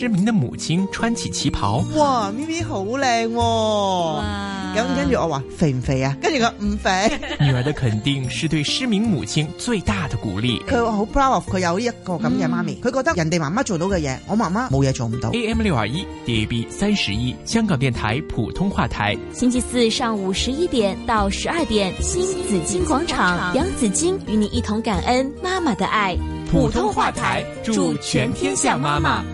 失明的母親穿起旗袍，哇，咪咪好靚哦！咁跟住我話肥唔肥啊？跟住佢唔肥。女兒的肯定是對失明母親最大的鼓勵。佢話好 proud of 佢有一個咁嘅媽咪，佢、嗯、覺得人哋媽媽做到嘅嘢，我媽媽冇嘢做唔到。AM 六二一，DAB 三十一，香港電台普通話台，星期四上午十一點到十二點，新紫金廣場，楊紫金，金與你一同感恩媽媽的愛。普通話台，祝全天下媽媽。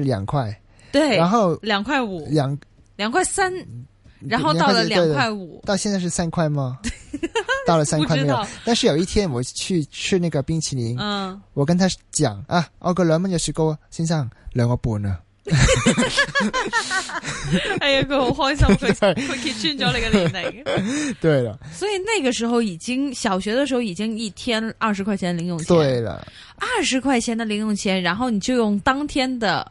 是兩塊，對，然後兩塊 5, 兩塊五，兩兩塊三，然後2，到了兩塊五，到現在是三塊嗎？ 到了三塊沒有？但是有一天我去吃那個冰淇淋，嗯，我跟他講啊，我個兩蚊就是哥先生兩個半啊，呢 哎呀，佢好開心，佢佢揭穿咗你嘅年齡， 對啦。 所以那個時候已經小學的時候已經一天二十塊錢零用錢，對了，二十塊錢的零用錢，然後你就用當天的。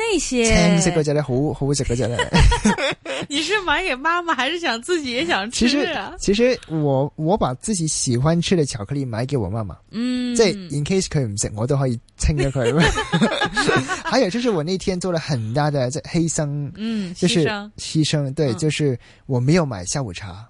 那些，青色嗰隻呢，好好食嗰隻呢。 你是買給媽媽，還是想自己也想吃、啊？其實，其實我我把自己喜歡吃的巧克力買給我媽媽。嗯，即係 in case 佢唔食，我都可以清咗佢。 還有就是，我那天做了很大的這黑牲，嗯，就是犧牲，對、嗯，就是我沒有買下午茶。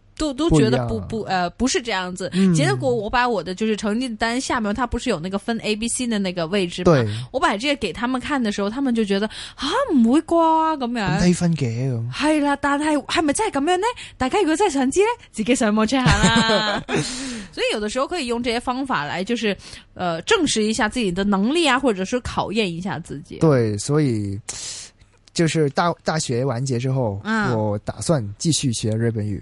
都都覺得不不，不呃不是這樣子，結、嗯、果我把我的就是成績單下面它不是有那個分 A B C 的那個位置嘛，我把這個給他們看的時候，他們就覺得啊，唔會啩咁樣，低分嘅，咁，係啦，但係係咪真係咁樣呢？大家如果真係想知呢，自己上網 check 啦。所以有的時候可以用這些方法來，就是呃證實一下自己的能力啊，或者是考驗一下自己。對，所以就是大大學完結之後、嗯，我打算繼續學日本語。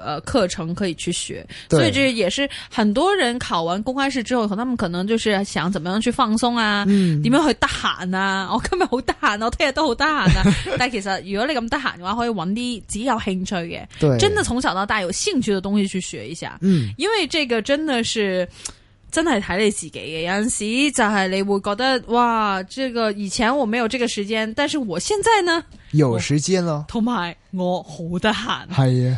誒，課程可以去學，所以這也是很多人考完公開試之後，佢他們可能就是想怎麼樣去放鬆啊，嗯，點樣去得閒啊，我今日好得閒，我聽日都好得閒啊。 但其實如果你咁得閒嘅話，可以搵啲自己有興趣嘅，對，真的從小到大有興趣嘅東西去學一下，嗯，因為這個真的是真係睇你自己嘅，有陣時就係你會覺得哇，這個以前我沒有這個時間，但是我現在呢，有時間咯，同埋我好得閒，係啊。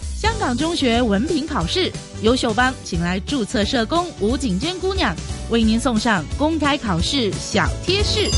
香港中學文憑考試優秀班，請來注冊社工吳景娟姑娘，為您送上公開考試小貼士。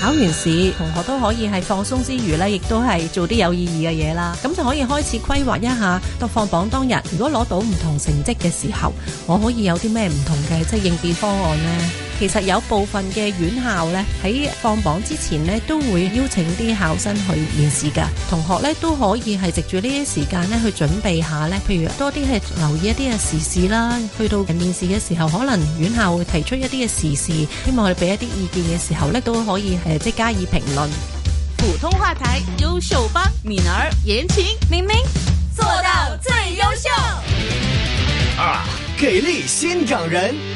考完試，同學都可以係放鬆之餘咧，亦都係做啲有意義嘅嘢啦。咁就可以開始規劃一下，到放榜當日，如果攞到唔同成績嘅時候，我可以有啲咩唔同嘅即應變方案呢？其實有部分嘅院校咧喺放榜之前咧都會邀請啲考生去面試噶，同學咧都可以係藉住呢啲時間咧去準備一下咧，譬如多啲係留意一啲嘅時事啦，去到面試嘅時候，可能院校會提出一啲嘅時事，希望我哋俾一啲意見嘅時候咧都可以誒即加以評論。普通話才優秀班，敏兒言情，明明做到最優秀，啊，給力新長人。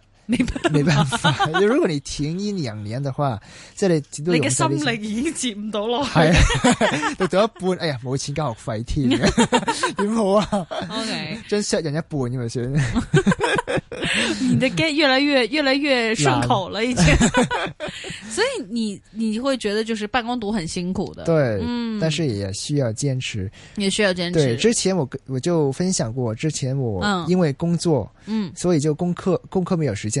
沒辦法， 如果你停一兩年的話，即係你都你嘅心力已經接唔到咯。讀到一半，哎呀，冇錢交學費添，點好啊？OK，將削人一半咁咪算。你的 get 越來越越來越順口了，已經。 所以你你會覺得就是辦公讀很辛苦的，對，嗯，但是也需要堅持，也需要堅持。對，之前我我就分享過，之前我因為工作，嗯，所以就功課功課沒有時間。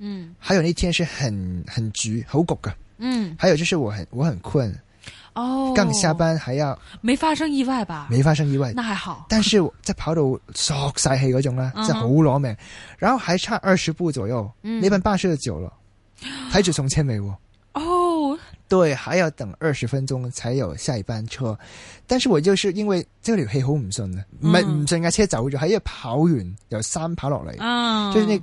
嗯，還有那天是很很焗好焗㗎，嗯，還有就是我很我很困，哦，剛下班還要，沒發生意外吧？沒發生意外，那還好。但是我在跑到索晒氣嗰種咧，真係好攞命，然後還差二十步左右，嗯、呢班巴士就走了，開始從新尾我。哦，對，還要等二十分鐘才有下一班車，但是我就是因為這個氣好唔順啊，唔係唔順架車走咗，係因為跑完由山跑落嚟，將、嗯、啲。就是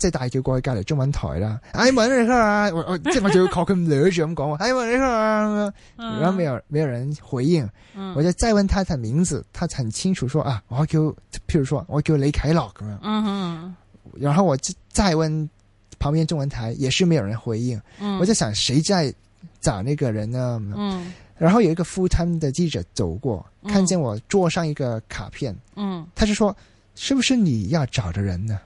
再係大叫過去隔籬中文台啦，哎問你佢啊，我我即係我就要靠佢攣住咁講，哎問你佢啊，然後沒有沒有人回應、嗯，我就再問他的名字，他很清楚說啊，我叫譬如說我叫雷凱樂，然後我就再問旁邊中文台，也是沒有人回應，嗯，我就想誰在找那個人呢？嗯，然後有一個 full time 的記者走過、嗯，看見我桌上一個卡片，嗯，他就說，是不是你要找的人呢？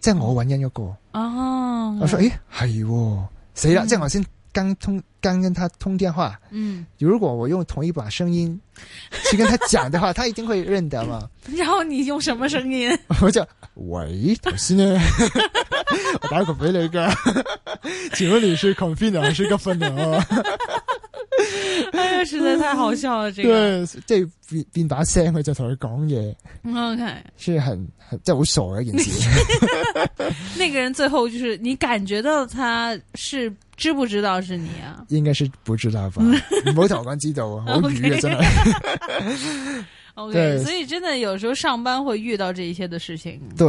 即係我揾緊一個，oh, 我說誒係，死、哎、啦！即係、哦嗯、我先剛通，剛跟他通電話。嗯，如果我用同一把聲音去跟他講的話， 他一定會認得嘛。 然後你用什麼聲音？ 我就喂，頭先呢 我打個畀你噶， 請問你是 confine 啊，還是個 friend 啊？ 哎呀，實在太好笑了！嗯、這個，即變變把聲，佢、okay. 就同佢講嘢。O K，所以很很即係好傻嘅一件事。 那個人最後就是，你感覺到他是知不知道是你啊？應該是不知道吧？唔好同我講知道啊，好語啊真的。O、okay. K，Okay. 所以真的有時候上班會遇到這一些的事情。對。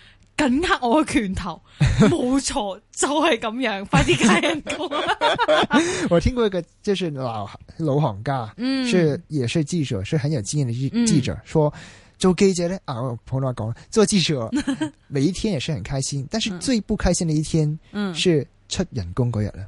緊握我嘅拳頭，冇 錯就係、是、咁樣， 快啲加人工。 我聽過一個即係算老行家，嗯，是也是記者，是很有經驗嘅記者、嗯，說做記者咧，啊，普通話講，做記者每一天也是很開心， 但是最不開心嘅一天,天，嗯，是出人工嗰日啦。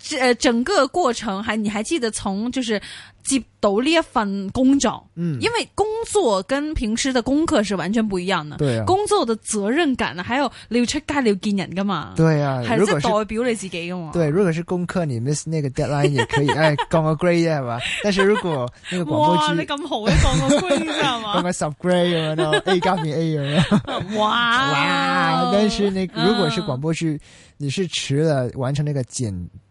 這整個過程還，你還記得從就是接到呢份工作，嗯，因為工作跟平時的功課是完全不一樣的，對啊，工作的責任感呢還有你要出街，你要見人噶嘛，對啊，還是代表你自己噶嘛，啊，對，如果是功課，你 miss 那個 deadline 也可以 哎，講個 grade 呀嘛，但是如果那個廣播劇，哇，你咁好，講個 grade 呀嘛， 講個 sub grade 咁樣 A 加你 A 咁樣， 哇哇，但是那個，如果是廣播劇，嗯，你是遲了完成那個剪。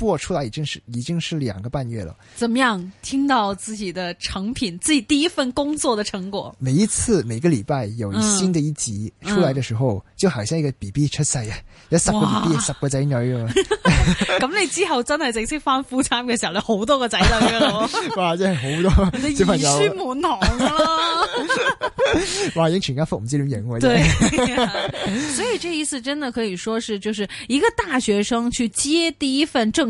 播出來已經是已經是兩個半月了。怎麼樣？聽到自己的成品，自己第一份工作的成果。每一次每個禮拜有新的一集出來的時候，嗯嗯、就好像一個 B B 出世啊，有十個 B B，十個仔女、啊。咁 你之後真係正式翻夫餐嘅時候，你好多個仔女噶啦。 哇，真係好多。 你兒孫滿堂咯。母 哇，影全家福唔知點影啊！對。 所以這一次真的可以說是，就是一個大學生去接第一份正。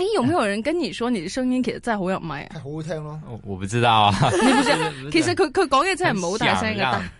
欸、有沒有人跟你說你的聲音其實真係好有麥啊？係好好聽咯，我，我不知道啊。 你知，其實佢佢講嘢真係唔係好大聲噶。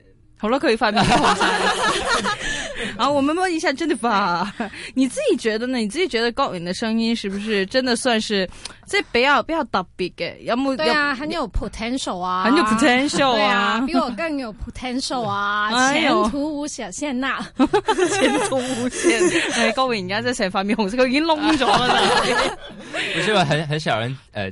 好了，可以發咪。 好，我們問一下，真的發？你自己覺得呢？你自己覺得高允的聲音是不是真的算是，這比較比較特別嘅？有冇？對啊，很有 potential 啊，很有 potential 啊，對啊，比我更有 potential 啊， 前途啊 前途無限，謝娜，前途無限。哎，高允，人家在成塊面紅色，佢已經聾咗啦。唔知，很很少人，呃。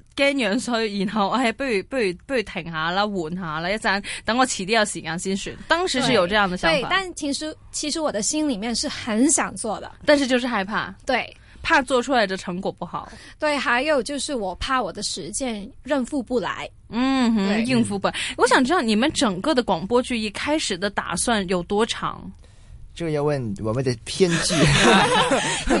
驚樣衰，然後哎，不如不如不如停下啦，換下啦，一陣等我遲啲有時間先算。當時是有這樣的想法，對對，但其實其實我的心裏面是很想做的，但是就是害怕，對，怕做出來的成果不好，對，還有就是我怕我的時間應付不來、嗯、哼，應付不來，嗯，哼，應付不來。我想知道你們整個的廣播劇一開始的打算有多長？這個要問我們的編劇。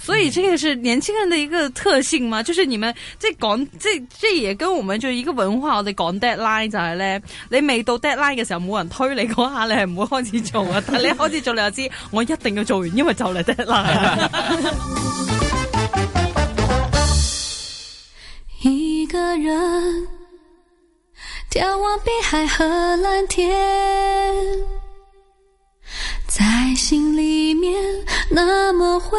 所以這個是年輕人的一個特性嘛，就是你們這講這，這、就、也、是、跟我們就一個文化，我哋講 deadline 就咋、是、呢：你未到 deadline 的時候，冇人推你，嗰下你係唔會開始做啊。 但你開始做了，你就知，我一定要做完，因為就嚟 deadline。 一個人眺望碧海和藍天，在心裏面那麼灰。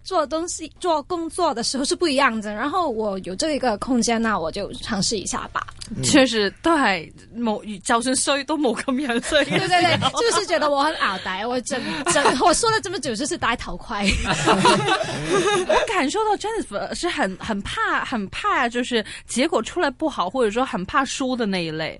做東西、做工作的時候是不一樣的。然後我有這一個空間、啊，那我就嘗試一下吧。確實，對，冇，就算衰都冇咁樣衰。對對對，就是覺得我很牛掰。我真真 我說了這麼久，就是戴頭盔。 我感受到 Jennifer 是很很怕、很怕，就是結果出來不好，或者說很怕輸的那一類。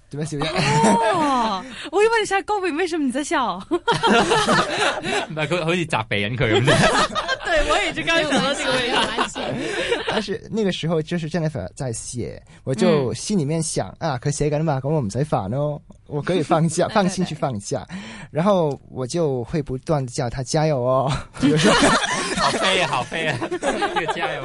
點樣笑嘅？哦、oh，我要問你，下在搞為什麼你在笑？唔係佢好似責備緊佢咁。對，我一直都用咗呢個嘢嚟寫。但是那個時候就是 Jennifer 在寫，我就心裏面想、嗯、啊，佢寫緊嘛，咁我唔使煩咯，我可以放假， 對對對，放心去放假。然後我就會不斷叫他加油哦。 飛也好飛啊！加油，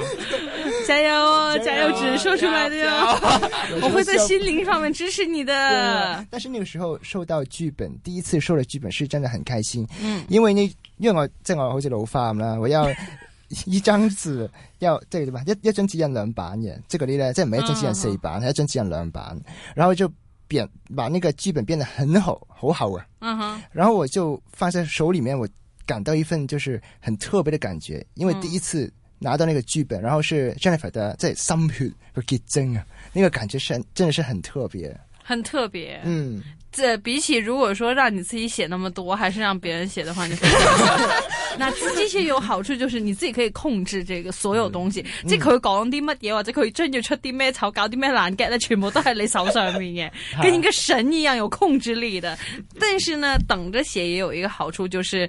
加油哦！加油，只是說出來的喲。我會在心靈上面支持你的、 啊。但是那個時候收到劇本，第一次收到劇本是真的很開心。嗯，因為那因為我在我好似老花嘛，我要一張紙 要，吧要，要這個嘛，一、嗯、要一張紙印兩版嘅，即係嗰啲咧，即係唔一張紙印四版，一張紙印兩版，然後就變把那個劇本變得很好，好好啊。嗯哼，然後我就放在手裏面我。感到一份就是很特別的感覺，因為第一次拿到那個劇本，嗯、然後是 Jennifer 的在 somehood 給真啊，那個感覺是真的是很特別，很特別。嗯，這比起如果說讓你自己寫那麼多，還是讓別人寫的話， 那自己寫有好處就是你自己可以控制這個所有東西，即、嗯、佢講啲乜嘢，或者佢真要出啲咩醜，搞啲咩爛 get 咧， 全部都喺你手上面嘅， 跟一個神一樣有控制力的。但是呢，等着寫也有一個好處就是。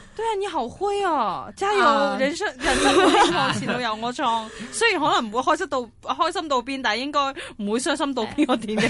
對係、啊、你好灰啊！加油、uh... 人生，人生希望前路全部由我創。 雖然可能唔會開心到開心到邊，但係應該唔會傷心到邊。我點解